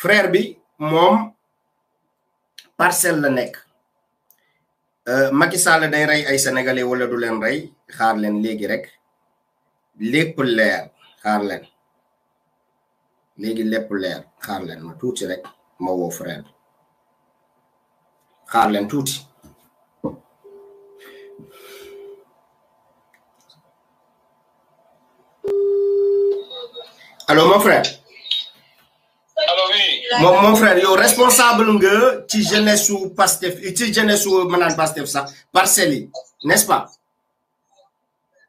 frère bi moom parcelle la nekk euh, Macky Sall day rey ay sénégalais wala du leen rey xaar leen léegi rek lépp leer xaar leen léegi lépp leer xaar leen tuuti rek ma woo xaar leen tuuti. allo mon frère. moom mon frère yow responsable nga ci jeunesse su Pastef ci jeunesse su ma Pastef sax parcelles n'est-ce pas.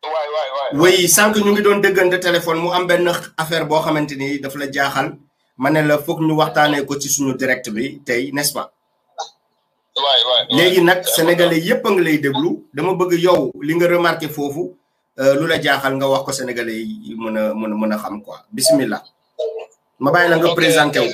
waay waay waay. oui sànq ñu ngi doon dëggante téléphone mu am ben affaire bo xamanteni ni daf la jaxal, mané la foog ñu waxtané ko ci suñu direct bi tay, n'est-ce pas. waay waay Légui nak sénégalais yépp nga lay déglu dama bëgg yow li nga remarqué fofu, euh lula jaxal nga wax ko sénégalais yi mëna a xam quoi bismillah ma bàyyi la nga présenter wu.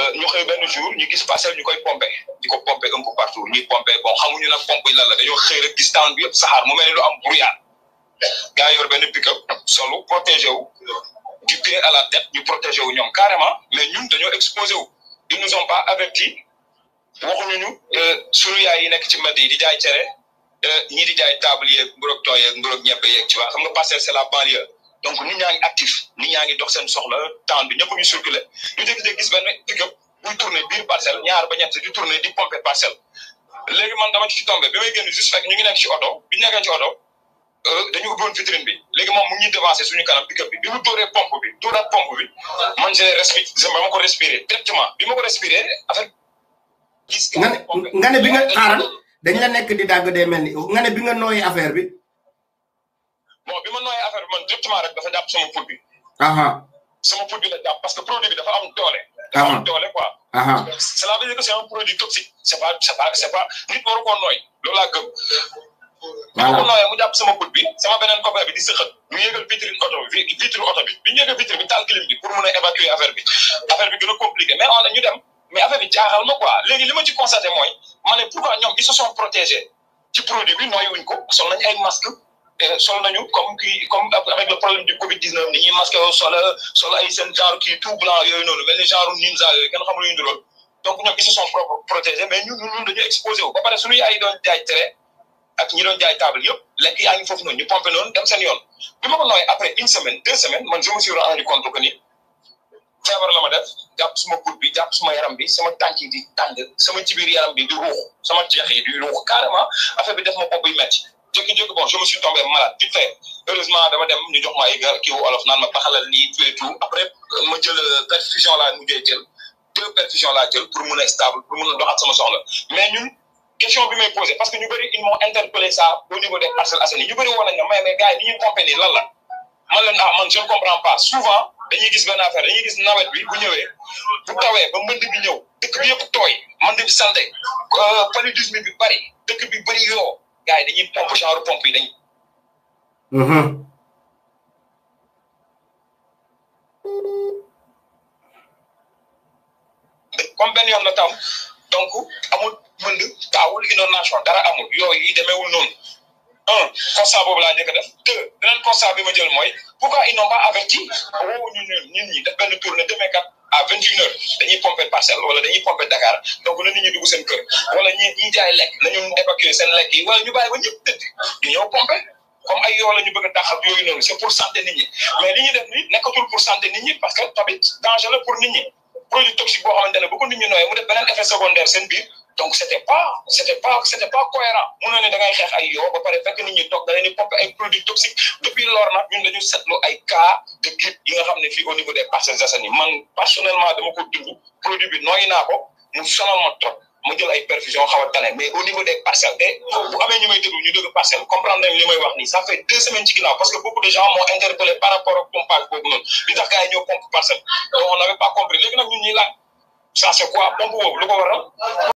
Euh, ñu xëy benn jour ñu gis parcelle ñu koy pompé di ko pompé un peu partout ñuy pompé bon xamuñu nag pompe yi lan la dañoo xëy rek gis temps bi yëpp saxaar mu mel ni lu am brouillard gaa yor benn pick-up solo protégé wu du pied à la tête ñu protégé wu ñoom carrément mais ñun dañoo exposé wu ils nous ont pas averti waxuñuñu euh, suñu yi nekk ci mbedd yi di jaay cere euh, ñii di jaay tablier mburoog tooyeeg mburoog ñebe yeeg ci waa xam nga parcelle c'est la banlieue donc ñu ñaa ngi actif nit ñaa ngi dox seen soxla temps bi ñëpp ñu circulé ñu jékki-jékki gis benn pick-up buy tourné biir parcelle ñaar ba ñett di tourné di pompé parcelle léegi man dama ci tombé bi may génn ñu ngi nekk ci oto bi ñu nekkee ci oto euh, dañu ubbiwoon vitrine bi léegi moom mu ngi devancé suñu kanam pick-up bi bi mu dóoree pompe bi dóoraat pompe bi man j'ai respiré ba ma ko respiré directement bi ma ko respiré nga ne bi nga xaaral dañ la nekk di dàgg dee ni bi directement rek dafa jàpp sama produit. sama produit la jàpp parce que produit bi dafa am doole. dafa am doole quoi. cela veut dire que c' est un produit toxique. c' est pas c' est pas c' est pas nit waru ko nooy loolu laa gëm. voilà bu ko nooyee mu jàpp sama bët bi sama beneen copain bi di sëqat ñu yëgal vitrine oto bi vitrine oto bi bi ñu yëgal vitrine bi taal clim bi pour mun a évacuer affaire bi affaire bi gën a compliqué mais on a ñu dem mais affaire bi jaaxal ma quoi léegi li ma ci constaté mooy ma ne pourquoi ñoom ils se sont protégés ci produit bi nooy wuñ ko sol nañ ay masque sol nañu comme kii avec le problème du Covid 19 ni ñuy masqué wu sol sol genre kii tout blanc yooyu noonu mel ni genre ninja yooyu kenn xamul ñu ne loolu donc ñoom ils se sont protégés mais ñun ñun dañu exposé wu ba pare suñuy ay doon jaay tere ak ñi doon table yëpp lekk yaa ngi foofu noonu ñu pompé noonu dem seen yoon bi ma ko nooyee après une semaine deux semaines man je me la ma def jàpp suma gud bi jàpp suma yaram bi sama tànk yi di tàng sama ci biir yaram bi di ruux yi di ruux carrément affaire bi def ma bopp yi jékki-jékki bon je me suis tombé malade vite fait heureusement dama dem ñu jox ma ay gar kii wu olof naan ma taxalal nii après ma jël euh, perfusion laa mujjee jël deux perfusion laa mun a stable pour mun a doxaat bi may posé parce que ñu bëri ils m'ont interpellé ça au niveau des Parcelles Assainies ñu bëri woon nañu mais mais gars yi ni ñuy compé la man ah, man je ne comprends pas souvent dañuy gis benn affaire dañuy gis nawet bi bu ñëwee bu tawee ba mbënd bi ñëw dëkk bi yëpp tooy mbënd bi salte euh, paludisme gars yi dañuy pompe genre pompe yi dañ. Mm-hmm. comme benn yoon la taw donc amul mënd taawul inondation dara amul yooyu yi demeewul noonu un constat boobu laa njëkk a def deux beneen constat bi ma jël mooy pourquoi ils n'ont pas averti woowu ñu ñun ñi def benn tournée demee kat. à vingt une heures dañuy pompé parcelle wala dañuy pompé Dakar donc na nit ñi dugg wala ñi ñi jaay lekk nañu évacuer seen lekk yi wala ñu bàyyi ba ñëpp tëdd pompé comme ay yoo la ñu bëgg a taxaw c'est pour santé nit ñi mais li ñu def nii nekkatul pour santé nit ñi parce que tamit danger la pour nit ñi produit toxique boo xamante ne bu ko nit secondaire seen biir donc c'était pas c'était pas c'était pas cohérent On a da ngay xeex ay on ba pare fekk nit ñi toog da leen di pompe ay produits toxiques depuis lors nag ñun dañu seetlu ay cas de grippe yi nga xam ne au niveau des Parcelles Assainies man personnellement de mon côté produit bi nooy naa ko mu sommes en train ma jël ay perfusion xaw tane mais au niveau des parcelles te bu amee ñu may déglu ñu dëgg parcelle comprendre nañ li may wax ni ça fait deux semaines ci ginnaaw parce que beaucoup de gens m'ont interpellé par rapport au pompage boobu noonu li tax gars ñoo parcelle donc on n'avait pas compris légui nak ñun ñi la ça c'est quoi pompe boobu lu ko waral